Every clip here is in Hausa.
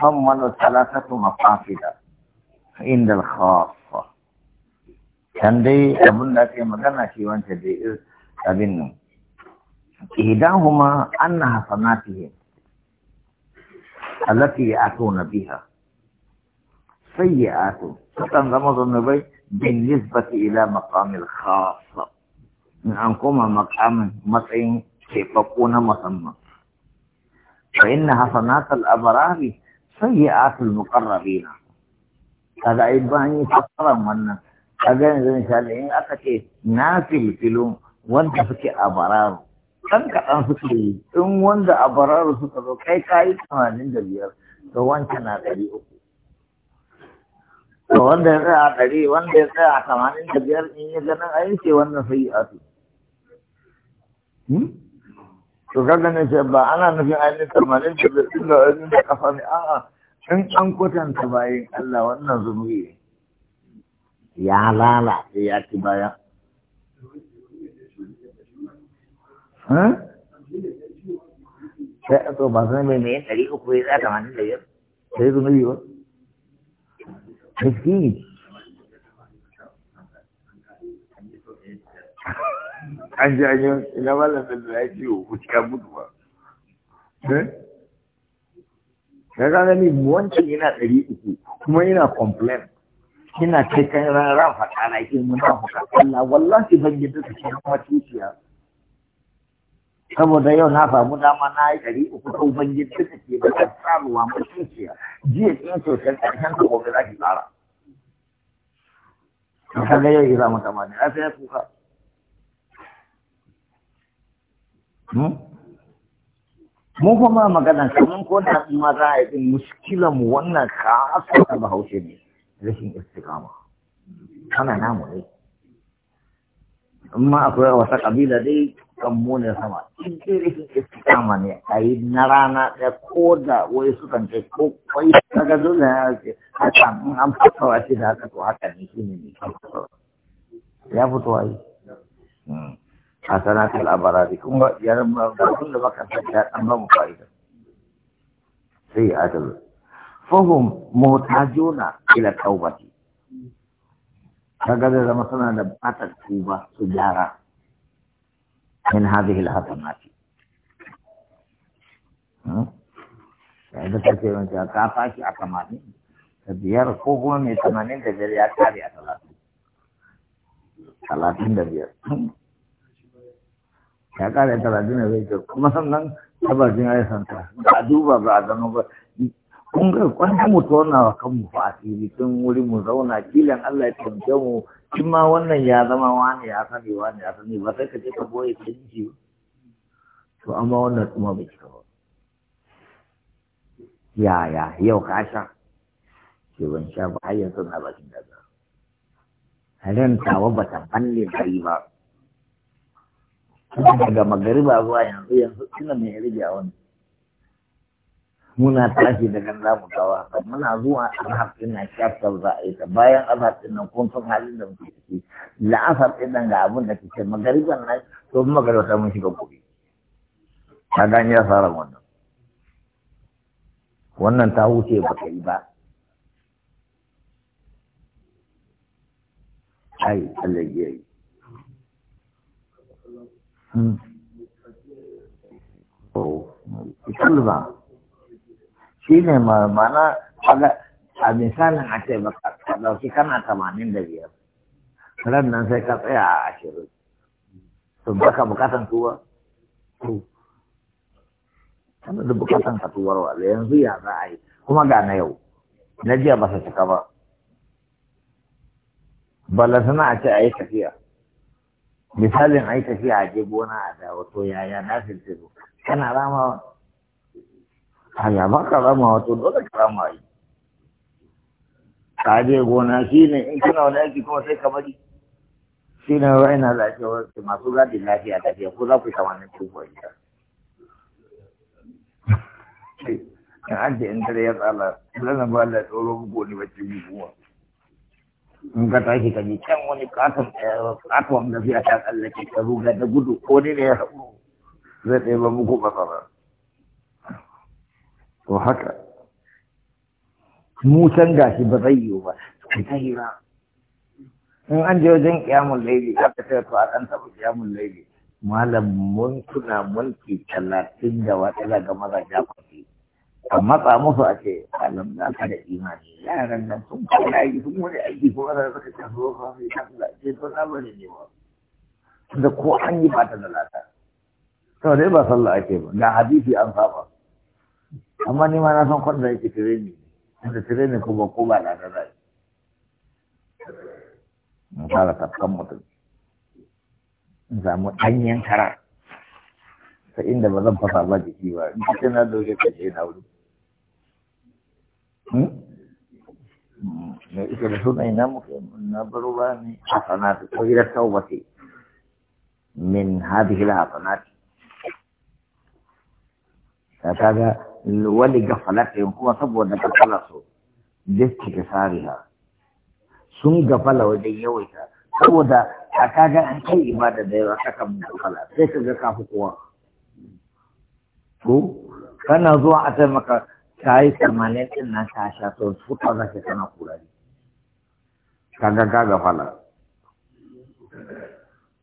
تضمن ثلاثة مقاصد عند الخاصة كان دي أبن مدنة مدنة وانت دي أبن إهداهما أن حسناتهم التي يأتون بها سيئات فتنظم النبي بالنسبة إلى مقام الخاصة من أنكم مقام مطعين كيف تكون مصمم فإن حسنات الأبرار sayyi'atul muqarrabina kaga ai bani yi fasaran wannan kaga yanzu misali in aka ce na filfilun wanda suke a bararu ɗan kaɗan suke yi in wanda a bararu suka zo kai yi tamanin da biyar to wancan na ɗari uku to wanda ya tsaya a ɗari wanda ya tsaya a tamanin da biyar in ya ganin ce wannan sayyi'atu Hmm? to kaga ne ce ba ana nufin ainihin tamanin da zai da ainihin da kafa ne a'a in an kwatanta bayan Allah wannan zunubi ya ya ci sai a to ba mai ɗari uku ya tsaya tamanin da sai zunubi ba an ji an yi ina malam da ya ce ku cikin mutu ba eh? ya ga gani wancan yana ɗari uku kuma yana complain ina kai kan ran faɗa na ke muna fuka Allah wallahi ban yadda ta ce kuma tushiya. saboda yau na samu dama na yi ɗari uku ko ban yadda ta ce ba ta tsaruwa ma tushiya. jiya kin sosai ƙarshen ka gobe za ki tsara. Kaga yau ya zama tamanin. ai sai ya kuka. Hmm? mun kuma magana kamar ko da ma za a yi muskilan mu wannan kasar da bahaushe ne rashin istikama kana namu ne amma akwai wata kabila dai kan mune sama in dai rashin istikama ne a yi na rana ɗaya ko da wai sukan ce ko kwai ga zuwa ya ce haka in an wa shi da haka to haka ne shi ne mai kyau ya fito a yi hmm. حسنات الأبرار كم يرمى كل وقت فتات أما فائدة في عدل فهم محتاجون إلى التوبة فقد إذا مثلا نبقات التوبة سجارة من هذه الحسنات عندما تأتي من تعطاك أكماني فبيار كوبون من ثمانين تجري أكاري أثلاثين ثلاثين دبير ya ƙara talatin da zai kuma sannan tabbacin ya santa ba a duba ba a zama ba kun ga kwanta mu tona wa kanmu fa asiri tun wuri mu zauna kilan Allah ya tamke mu kin ma wannan ya zama wani ya sani wani ya sani ba sai ka je ka boye ka ji to amma wannan kuma bai cika ba ya ya yau ka sha ke ban sha ba har yanzu na bakin daga ran tawa ba ta balle kai ba daga magariba zuwa yanzu yanzu ina mai rage a wani muna tashi daga za mu muna zuwa azhar din na kyaftar za a yi ta bayan azhar din nan kun san halin da muke ciki la'asar din nan ga abin da kike magariban nan to magariba ta mun shiga gobe ta gani ya fara wannan wannan ta wuce ba ka yi ba ai Allah ya yi Kalba shi ne mana a misalin a ce baka ɗauki kana tamanin da biyar ran nan sai ka tsaya a ashirin to baka bukatan tuwa kana da bukatan ka tuwar wala yanzu ya za a yi kuma ga na yau na jiya ba su cika ba balantana a ce a yi tafiya misalin ai tafiya a je gona a dawo to yaya na filfilo kana rama a ya ba ka rama wato dole ka rama yi ka je gona shi ne in kana wani aiki kuma sai ka bari shi ne wa'in na lafiya masu gadin lafiya tafiya ko za ku samanin cikin in an da in dare ya tsala zan ba Allah tsoron muku ne bacci mu kuma in ka tashi ka ji can wani katon katon eh, da fiya ta tsallake ka ruga da gudu ko ne ne ya haɓu zai ɗaya ba muku masara to haka mu can gashi ba zai yiwu ba kai ta ba in an je wajen kiyamun laili ka ta to a ɗan taɓa kiyamun laili malam mun tuna mulki talatin da wata ga maza jakon a matsa musu a ce alam na ka da imani yaran nan sun kwana yi sun wani aiki ko da suka ce su zo sai ta kula ce to na bari ne ba da ko an yi ba ta da lata to dai ba sallah ake ba ga hadisi an saba amma ni ma na san kwanda yake tire ni da tire ni kuma ko ba lata zai in fara tafkan mutum in samu ɗanyen kara ta inda ba zan fasa ba jiki ba in cikin na dauke ka na wuri Hmm? Hmm. ita da suna ina muke na baro ba ne hasanatu ko ila tawbati min hadhihi al-hasanati kaga wani gafalatin kuma saboda gafala su diski ha, sun gafala wajen yawaita saboda a kaga an kai ibada da yawa saka mun gafala sai ka ga kafi kowa ko kana zuwa a taimaka ta yi tsammanin nan ta sha to fuka za ka kana kurari kaga ka gafala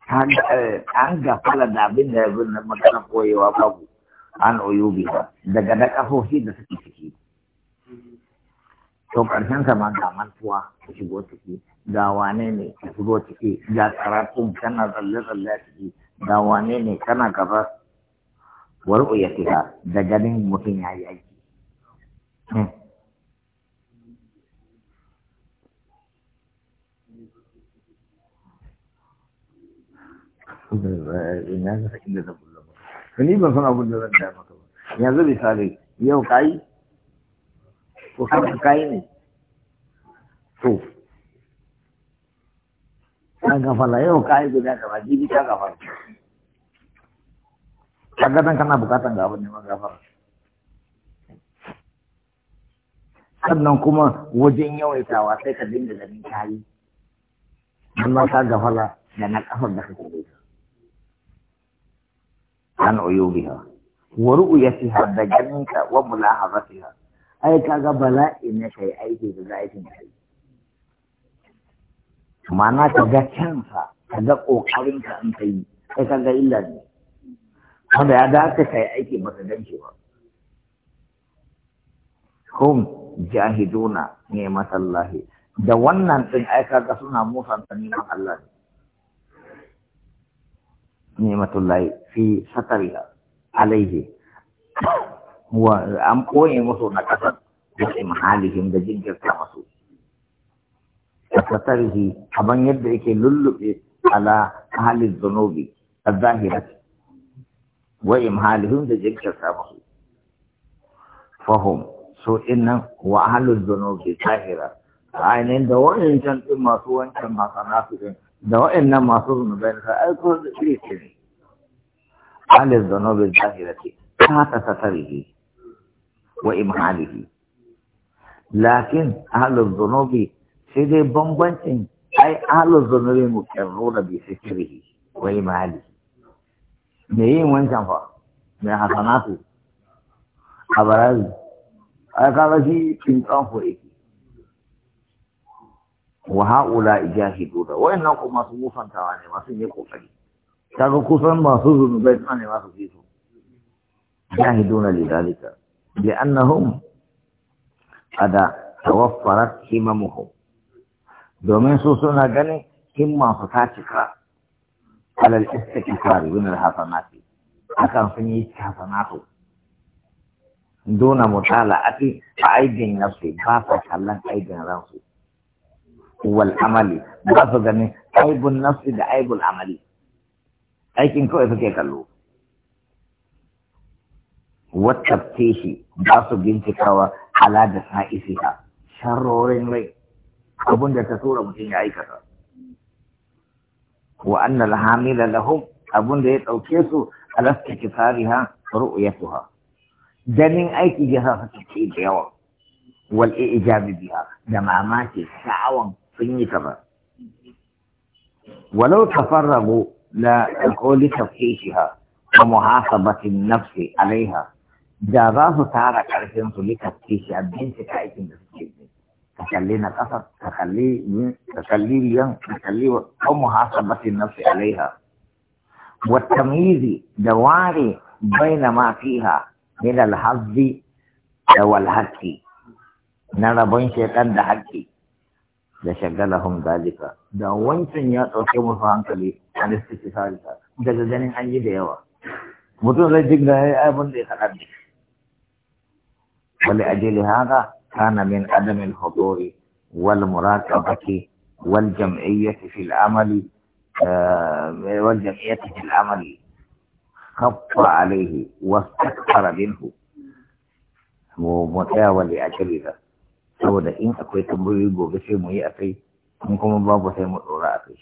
an gafala eh, da abin da ya na magana koyewa babu an oyubi ba daga da kafofi da suke ciki to karshen sa ma ga mantuwa ta shigo ciki da wane ne ta shigo ciki ga karatun kana tsalle tsalle ciki da wane ne kana gaba. war'u ya da ganin mutum ya yi aiki ina ba san abin da zan daya maka ba yanzu misali yau kayi ko kan kayi ne to an gafala yau kayi guda gaba jibi ta gafala kaga dan kana bukatan ga abin neman gafara sannan kuma wajen yawaitawa sai ka dinga ganin kayi amma ka gafala da na kafar da kake da an uyubiha wa ru'yatiha da ganinka wa mulahazatiha ai kaga bala'i ne kai aiki da zaifin kai ma'ana ka ga kansa ka ga kokarin ka an kai sai ka ga illa ne wanda ya dace kai aiki baka gan shi ba hum jahiduna ni'matallahi da wannan din ai kaga suna musanta ni'man Allah ni'matullahi fi satariha alaihi wa an koyi musu na kasa da mahalihim da jinkirta masu satarihi aban yadda yake lullube ala ahli zunubi a zahirati wa imhalihim da jinkirta masu fahim so innan wa ahlul zunubi tahira ainihin da wa'ancan din masu wancan masu din da wa'annan masu zunubai sai ai ko da iri ce ne ahlul zunubi tahira ce ta ta satarihi wa imhalihi lakin ahlul zunubi sai dai bambancin ai ahlul zunubi muqarruna bi sikrihi wa imhalihi me yin wancan fa me hasanatu a barazi a kaga shi tsinkan yake wa haula ijahidu da wayannan kuma su musantawa ne masu ne kokari kaga kusan masu zunubai suna ne masu fito jahiduna lidalika annahum ada tawaffarat himamuhum domin su suna ganin himma su ta cika alal istikfar min al hasanati akan sun yi hasanatu dona mutala a aibin nafsi ba sa kallon aibin ransu wal amali ba su ganin aibun nafsi da aibul amali aikin kawai suke kallo wattafte shi ba su bincikawa ala da ha sharrorin rai abin da ta tura mutum ya aikata wa annal hamila lahum abin da ya dauke su alaska ha ru'yatuha ده من اي جهه في بيو والايجاب بها ده ما ماشي شعوان في ولو تفرغوا لا الكل تفتيشها ومحاسبة النفس عليها ده راس تارا كارثين تولي تفتيش أبين تكايتين تفتيشين تخلينا قصر تخلي تخلي ليان تخلي ومحاسبة النفس عليها والتمييز دواري بين ما فيها من الحظ والحكي نرى بين شيطان ده حكي لشغلهم ذلك ده وين سنيا توكيو مفهان كلي عن استفسار ده ده ده ده عندي ديوا متو رجل ده ابن دي خلاص ولأجل هذا كان من عدم الحضور والمراقبة والجمعية في العمل آه، والجمعية في العمل khaffa alaihi wastakbara minhu mu a tsaya wali akalida saboda in akwai tambayoyi gobe sai mu yi akai in kuma babu sai mu dora akai